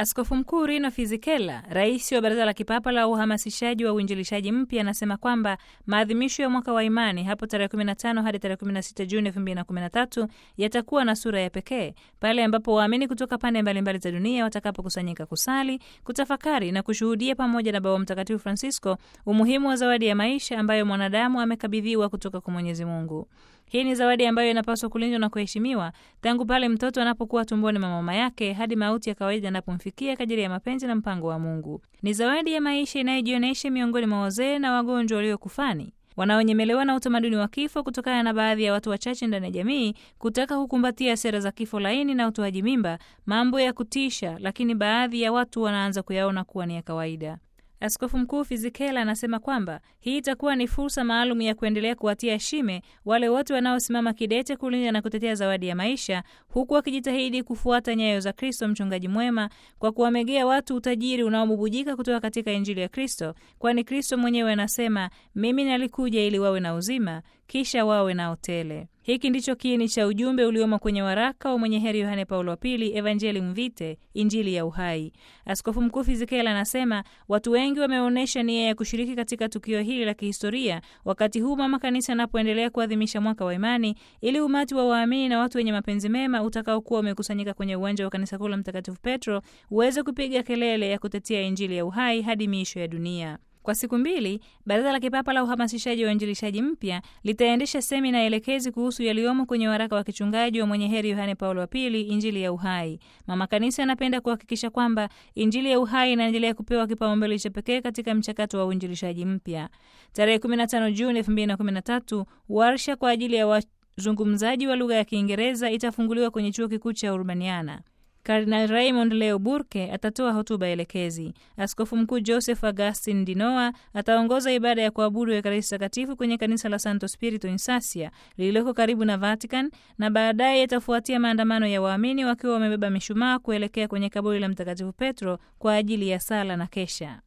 Askofu Mkuu Rino Fizikela, rais wa Baraza la Kipapa la Uhamasishaji wa Uinjilishaji Mpya, anasema kwamba maadhimisho ya mwaka wa imani hapo tarehe 15 hadi tarehe 16 Juni 2013 yatakuwa na sura ya pekee pale ambapo waamini kutoka pande mbalimbali za dunia watakapokusanyika kusali, kutafakari na kushuhudia pamoja na Baba Mtakatifu Francisco umuhimu wa zawadi ya maisha ambayo mwanadamu amekabidhiwa kutoka kwa Mwenyezi Mungu. Hii ni zawadi ambayo inapaswa kulindwa na kuheshimiwa tangu pale mtoto anapokuwa tumboni mwa mama yake hadi mauti ya kawaida yanapomfikia kadiri ya mapenzi na mpango wa Mungu. Ni zawadi ya maisha inayojionyesha miongoni mwa wazee na wagonjwa waliokufani wanaonyemelewa na utamaduni wa kifo kutokana na baadhi ya watu wachache ndani ya jamii kutaka kukumbatia sera za kifo laini na utoaji mimba, mambo ya kutisha, lakini baadhi ya watu wanaanza kuyaona kuwa ni ya kawaida. Askofu Mkuu Fizikela anasema kwamba hii itakuwa ni fursa maalum ya kuendelea kuwatia shime wale wote wanaosimama kidete kulinda na kutetea zawadi ya maisha, huku wakijitahidi kufuata nyayo za Kristo mchungaji mwema, kwa kuwamegea watu utajiri unaobubujika kutoka katika Injili ya Kristo, kwani Kristo mwenyewe anasema, mimi nalikuja ili wawe na uzima, kisha wawe na otele hiki ndicho kiini cha ujumbe uliomo kwenye waraka wa mwenye heri Yohane Paulo wa Pili, Evangelium Vitae, Injili ya Uhai. Askofu Mkuu Fizikela anasema watu wengi wameonyesha nia ya kushiriki katika tukio hili la kihistoria, wakati huu mama kanisa anapoendelea kuadhimisha mwaka wa imani, ili umati wa waamini na watu wenye mapenzi mema utakaokuwa umekusanyika kwenye uwanja wa kanisa kuu la Mtakatifu Petro uweze kupiga kelele ya kutetea Injili ya uhai hadi miisho ya dunia. Kwa siku mbili, Baraza la Kipapa la Uhamasishaji wa Uinjilishaji Mpya litaendesha semina elekezi kuhusu yaliyomo kwenye waraka wa kichungaji wa mwenye heri Yohane Paulo wa Pili, Injili ya Uhai. Mama Kanisa anapenda kuhakikisha kwamba Injili ya Uhai inaendelea kupewa kipaumbele cha pekee katika mchakato wa uinjilishaji mpya. Tarehe 15 Juni 2013 warsha kwa ajili ya wazungumzaji wa lugha ya Kiingereza itafunguliwa kwenye chuo kikuu cha Urbaniana. Kardinal Raymond Leo Burke atatoa hotuba elekezi. Askofu Mkuu Joseph Augustin Dinoa ataongoza ibada ya kuabudu Ekaristi Takatifu kwenye kanisa la Santo Spirito insasia lililoko karibu na Vatican, na baadaye yatafuatia maandamano ya waamini wakiwa wamebeba mishumaa kuelekea kwenye kaburi la Mtakatifu Petro kwa ajili ya sala na kesha.